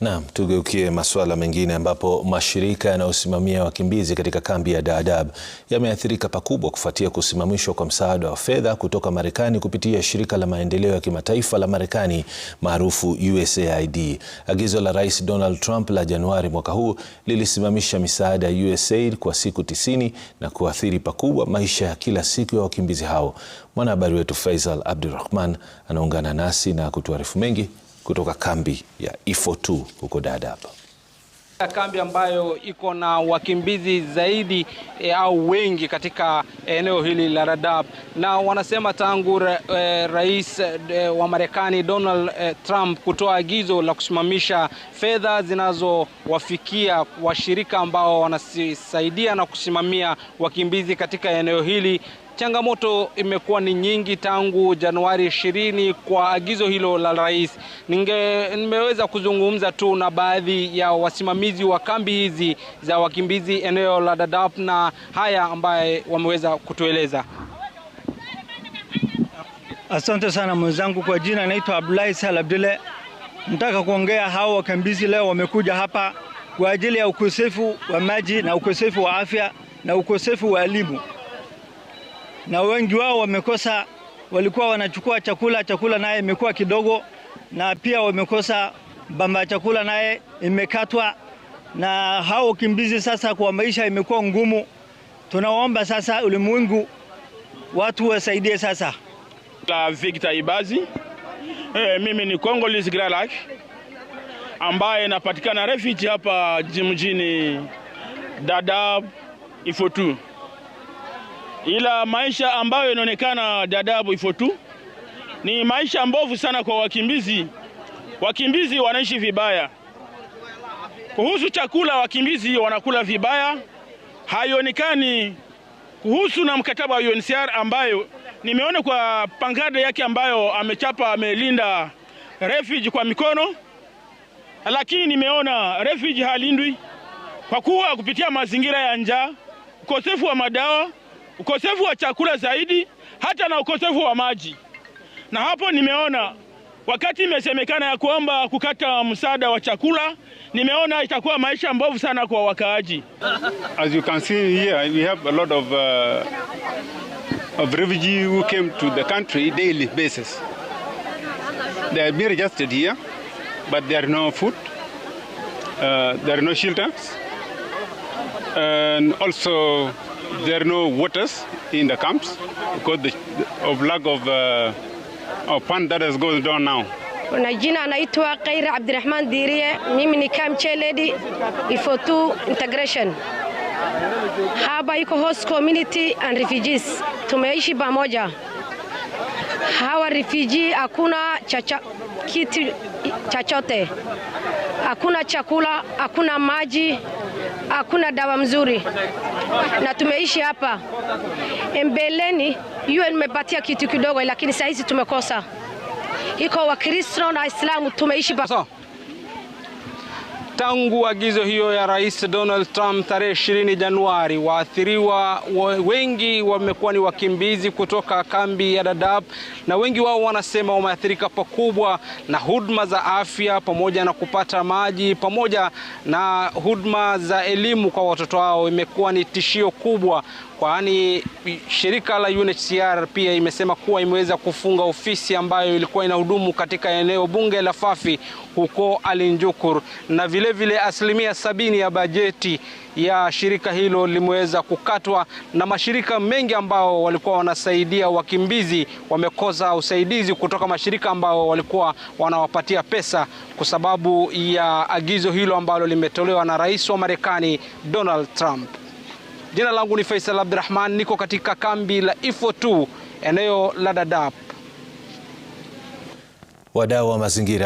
Naam, tugeukie masuala mengine ambapo mashirika yanayosimamia wakimbizi katika kambi ya Dadaab yameathirika pakubwa kufuatia kusimamishwa kwa msaada wa fedha kutoka Marekani kupitia shirika la maendeleo ya kimataifa la Marekani maarufu USAID. Agizo la Rais Donald Trump la Januari mwaka huu lilisimamisha misaada ya USAID kwa siku tisini na kuathiri pakubwa maisha ya kila siku ya wakimbizi hao. Mwanahabari wetu Faisal Abdurrahman anaungana nasi na kutuarifu mengi kutoka kambi ya E42 huko Dadaab. Kambi ambayo iko na wakimbizi zaidi e, au wengi katika eneo hili la Dadaab, na wanasema tangu ra, e, rais e, wa Marekani Donald e, Trump kutoa agizo la kusimamisha fedha zinazowafikia washirika ambao wanasaidia na kusimamia wakimbizi katika eneo hili Changamoto imekuwa ni nyingi tangu Januari ishirini kwa agizo hilo la rais. Ninge, nimeweza kuzungumza tu na baadhi ya wasimamizi wa kambi hizi za wakimbizi eneo la Dadaab na haya ambaye wameweza kutueleza. Asante sana mwenzangu, kwa jina naitwa Abdulahi Sal Abdile. Nataka kuongea hao wakimbizi leo wamekuja hapa kwa ajili ya ukosefu wa maji na ukosefu wa afya na ukosefu wa elimu na wengi wao wamekosa, walikuwa wanachukua chakula, chakula naye imekuwa kidogo, na pia wamekosa bamba ya chakula naye imekatwa, na hao wakimbizi sasa kwa maisha imekuwa ngumu. Tunaomba sasa ulimwengu watu wasaidie sasa. La Victor Ibazi. Hey, eh, mimi ni Congolese Gralak ambaye napatikana refugee hapa mjini Dadaab Ifotu ila maisha ambayo inaonekana Dadaab Ifo tu ni maisha mbovu sana kwa wakimbizi. Wakimbizi wanaishi vibaya. Kuhusu chakula, wakimbizi wanakula vibaya, haionekani. Kuhusu na mkataba wa UNHCR ambayo nimeona kwa pangada yake ambayo amechapa, amelinda refuge kwa mikono, lakini nimeona refuge halindwi kwa kuwa kupitia mazingira ya njaa, ukosefu wa madawa ukosefu wa chakula zaidi, hata na ukosefu wa maji. Na hapo nimeona wakati imesemekana ya kwamba kukata msaada wa chakula, nimeona itakuwa maisha mbovu sana kwa wakaaji. As you can see here, we have a lot of, uh, of refugee who came to the country daily basis. They have been registered here, but there are no food, uh, there are no shelters and also there are no waters in the camps because the, of lack of, uh, of pond that is going down now. na jina anaitwa Kaira Abdirahman Dirie, mimi ni camp ifo Ifotu Integration. Hapa iko host community and refugees, tumeishi pamoja. Hawa refugee hakuna chacha, kitu chachote hakuna chakula, hakuna maji, hakuna dawa mzuri na tumeishi hapa. Mbeleni UN imepatia kitu kidogo, lakini saa hizi tumekosa. Iko Wakristo na Waislamu tumeishi pa Tangu agizo hiyo ya Rais Donald Trump tarehe 20 Januari, waathiriwa wengi wamekuwa ni wakimbizi kutoka kambi ya Dadaab, na wengi wao wanasema wameathirika pakubwa na huduma za afya pamoja na kupata maji pamoja na huduma za elimu kwa watoto wao imekuwa ni tishio kubwa, kwani shirika la UNHCR pia imesema kuwa imeweza kufunga ofisi ambayo ilikuwa inahudumu katika eneo bunge la Fafi huko Alinjukur na vile Vilevile asilimia sabini ya bajeti ya shirika hilo limeweza kukatwa, na mashirika mengi ambao walikuwa wanasaidia wakimbizi wamekosa usaidizi kutoka mashirika ambao walikuwa wanawapatia pesa kwa sababu ya agizo hilo ambalo limetolewa na Rais wa Marekani Donald Trump. Jina langu ni Faisal Abdurrahman, niko katika kambi la Ifo 2 eneo la Dadaab. Wadau wa mazingira